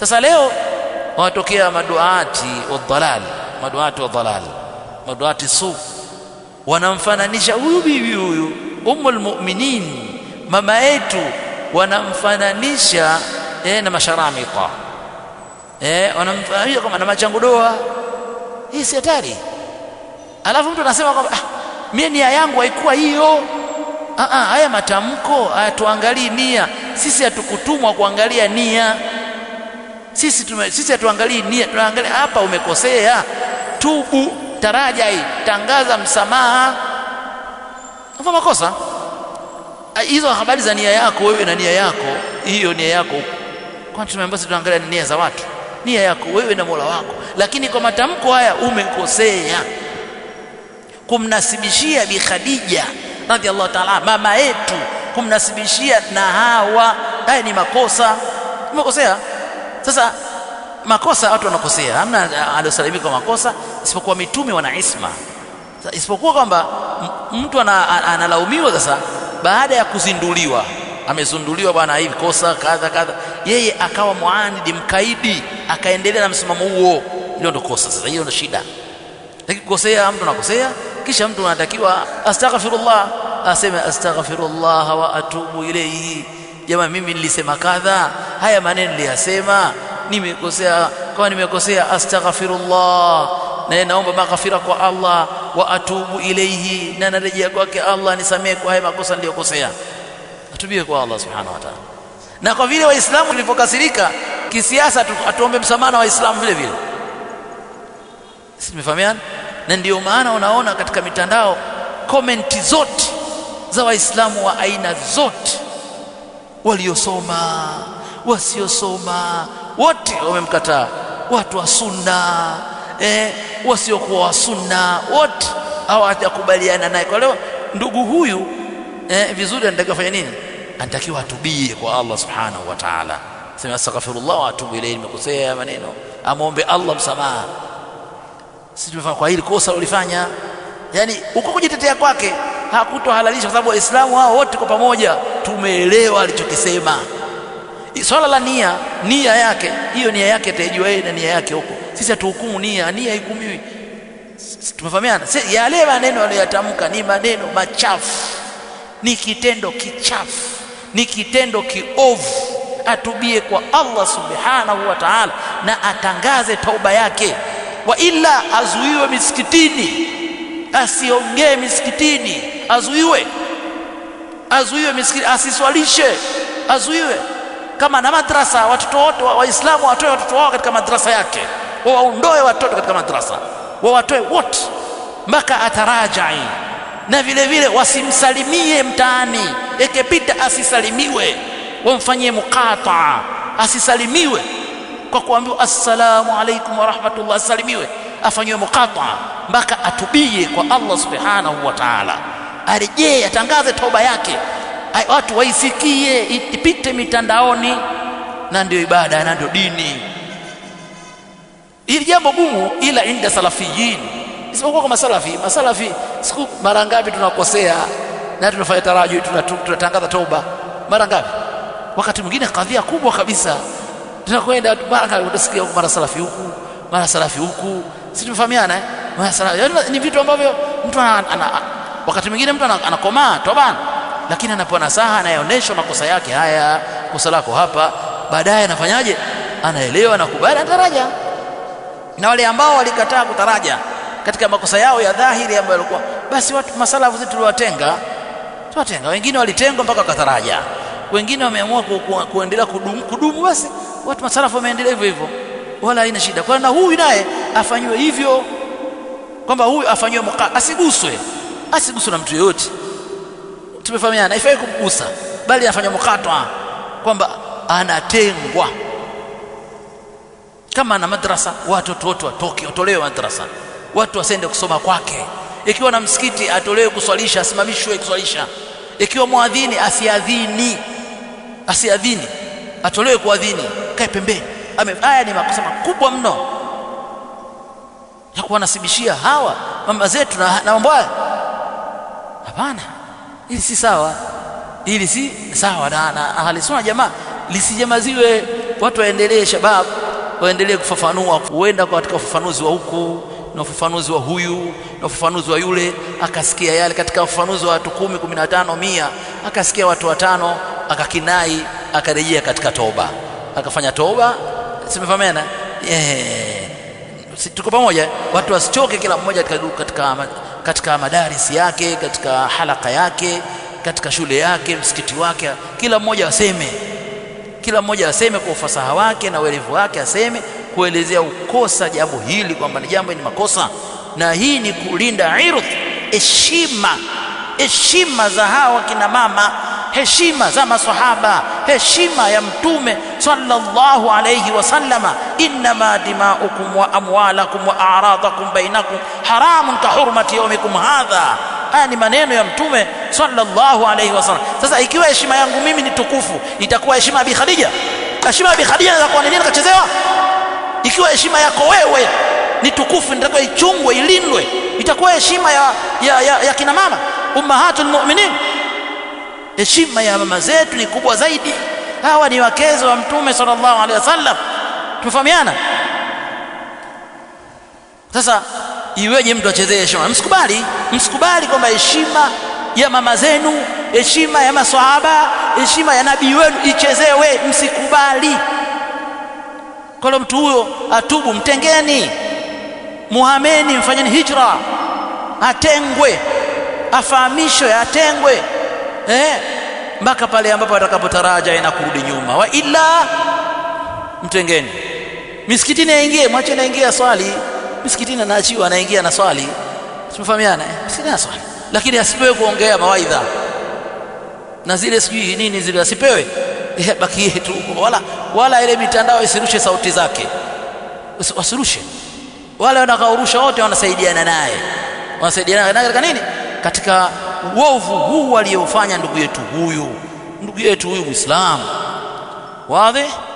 Sasa leo watokea maduati wadhalal, maduati wadhalal, maduati suf wanamfananisha huyu bibi huyu ummul mu'minin, mama yetu, wanamfananisha eh, na masharamita eh, wanamfananisha kama na machangudoa. Hii si hatari? Alafu mtu anasema kwamba ah, mie nia yangu haikuwa hiyo. Ah, ah, haya matamko tuangalie nia. Sisi hatukutumwa kuangalia nia. Sisi tume, sisi hatuangalii nia, tunaangalia hapa umekosea, tubu, taraja hii, tangaza msamaha, Kwa makosa ah, hizo. Habari za nia yako wewe na nia yako hiyo, nia yako kwani tumeambiwa, tunaangalia nia za watu, nia yako wewe na Mola wako. Lakini kwa matamko haya umekosea, kumnasibishia Bi Khadija radhiallahu taala, mama yetu, kumnasibishia na Hawa, haya ni makosa, umekosea sasa makosa watu wanakosea hamna aliosalimika kwa makosa isipokuwa mitume wana isma isipokuwa kwamba mtu analaumiwa sasa baada ya kuzinduliwa amezunduliwa bwana hivi kosa kadha kadha yeye akawa muanidi mkaidi akaendelea na msimamo huo ndio ndo kosa sasa hiyo ndo shida lakini kukosea mtu anakosea kisha mtu anatakiwa astaghfirullah aseme astaghfirullah wa atubu ilayhi jamaa mimi nilisema kadha haya maneno niliyasema nimekosea kama nimekosea astaghfirullah na naomba maghfira kwa Allah wa atubu ilayhi na narejea kwake Allah nisamehe kwa haya makosa niliyokosea atubie kwa Allah subhanahu wa ta'ala na kwa vile waislamu tulipokasirika kisiasa atuombe msamaha na waislamu vile vile sisi na ndio maana unaona katika mitandao komenti zote za waislamu wa aina zote waliosoma wasiosoma wote wamemkataa, watu wa sunna eh, wasiokuwa wa sunna wote hawajakubaliana naye. Kwa leo ndugu huyu eh, vizuri, anatakiwa fanya nini? Anatakiwa atubie kwa Allah subhanahu wa ta'ala, sema astaghfirullah wa atubu ilayhi, nimekosea maneno, amwombe Allah msamaha, Sisi tumefanya kwa hili kosa ulifanya. Yani uko kujitetea kwake hakutohalalisha, kwa sababu waislamu hao wote kwa pamoja tumeelewa alichokisema. Swala la nia, nia yake hiyo, nia yake ataijua yeye na nia yake huko. Sisi hatuhukumu nia, nia haikumiwi. Tumefahamiana? Yale maneno aliyatamka ni maneno machafu, ni kitendo kichafu, ni kitendo kiovu. Atubie kwa Allah subhanahu wa ta'ala, na atangaze tauba yake, wa ila azuiwe misikitini, asiongee misikitini, azuiwe, azuiwe misikitini, asiswalishe, azuiwe kama na madrasa, watoto wote Waislamu watoe watoto wao katika madrasa yake, wawaondoe watoto katika madrasa, wawatoe wote mpaka atarajai, na vile vile wasimsalimie mtaani, ikipita asisalimiwe, wamfanyie mukataa asisalimiwe kwa kuambiwa assalamu alaikum wa rahmatullah, asalimiwe afanyiwe mukataa mpaka atubie kwa Allah subhanahu wa ta'ala, arejee atangaze toba yake watu waisikie, ipite mitandaoni, na ndio ibada na ndio dini. Ili jambo gumu, ila inda salafiyin, isipokuwa kwa masalafi. Masalafi siku mara ngapi tunakosea na tunafanya taraju, tunatangaza toba mara ngapi? Wakati mwingine kadhia kubwa kabisa, tunakwenda mara utasikia mara salafi huku mara salafi huku, si tumefahamiana eh? mara salafi, yaani, ni vitu ambavyo mtu wakati mwingine mtu anakomaa tobana lakini anapewa nasaha, anayeonyeshwa makosa yake, haya kosa lako hapa. Baadaye anafanyaje? Anaelewa, kubali anataraja. Na wale ambao walikataa kutaraja katika makosa yao ya dhahiri ambayo yalikuwa, basi watu masalafu zetu tuliwatenga, tuwatenga. Wengine walitengwa mpaka wakataraja, wengine wameamua kuendelea kudumu, kudumu. Basi watu masalafu wameendelea hivyo hivyo, wala haina shida, kwa na huyu naye afanywe hivyo, kwamba huyu afanywe, asiguswe, asiguswe na mtu yoyote tumefahamiana haifai kumgusa bali anafanya mukatwa kwamba anatengwa kama na madrasa watoto wote watoke watolewe madrasa watu wasende kusoma kwake ikiwa na msikiti atolewe kuswalisha asimamishwe kuswalisha ikiwa mwadhini asiadhini asiadhini atolewe kuadhini kae pembeni haya ni makosa makubwa mno ya kuwanasibishia hawa mama zetu na, na mambo haya hapana Hili si sawa, hili si sawa na, na ahli sunna jamaa lisijamaziwe. Watu waendelee, shabab waendelee kufafanua, huenda katika ufafanuzi wa huku na ufafanuzi wa huyu na ufafanuzi wa yule, akasikia yale katika ufafanuzi wa watu kumi, kumi na tano, mia, akasikia watu watano, akakinai, akarejea katika toba, akafanya toba. Simefahamiana? Yeah. Tuko pamoja, watu wasichoke, kila mmoja katika, katika katika madaris yake, katika halaka yake, katika shule yake, msikiti wake, kila mmoja aseme, kila mmoja aseme kwa ufasaha wake na uelevu wake, aseme kuelezea ukosa jambo hili kwamba ni jambo ni makosa, na hii ni kulinda irth, heshima, heshima za hawa kina mama, heshima za maswahaba, heshima ya Mtume sallallahu alayhi wasallama innama dimaukum wa amwalakum wa a'radakum bainakum haramun ka hurmati yaumikum hadha. Haya ni maneno ya Mtume sallallahu alaihi wasallam. Sasa ikiwa heshima yangu mimi ni tukufu, itakuwa heshima ya Bi Khadija? Heshima ya Bi Khadija inaweza kuwa nini kachezewa? Ikiwa heshima yako wewe ni tukufu, nitakuwa ichungwe, ilindwe, itakuwa heshima ya, ya, ya, ya kina mama ummahatul mu'minin. Heshima ya mama zetu ni kubwa zaidi. Hawa ni wakezo wa Mtume sallallahu alaihi wasallam tumefahamiana sasa iweje mtu achezee heshima msikubali msikubali kwamba heshima ya mama zenu heshima ya maswahaba heshima ya nabii wenu ichezewe msikubali kalo mtu huyo atubu mtengeni muhameni mfanyeni hijra atengwe afahamishwe atengwe eh mpaka pale ambapo atakapotaraja na kurudi nyuma wa ila mtengeni misikitini aingie, mwache naingia swali misikitini, anaachiwa anaingia na swali, tumefahamiana eh? sina swali, lakini asipewe kuongea mawaidha na zile sijui nini zile, asipewe bakie tu, wala wala ile mitandao isirushe sauti zake, wasirushe wale wanakaurusha wote, wanasaidiana naye, wanasaidiana naye katika nini? Katika uovu huu waliofanya ndugu yetu huyu, ndugu yetu huyu Muislamu, wadhi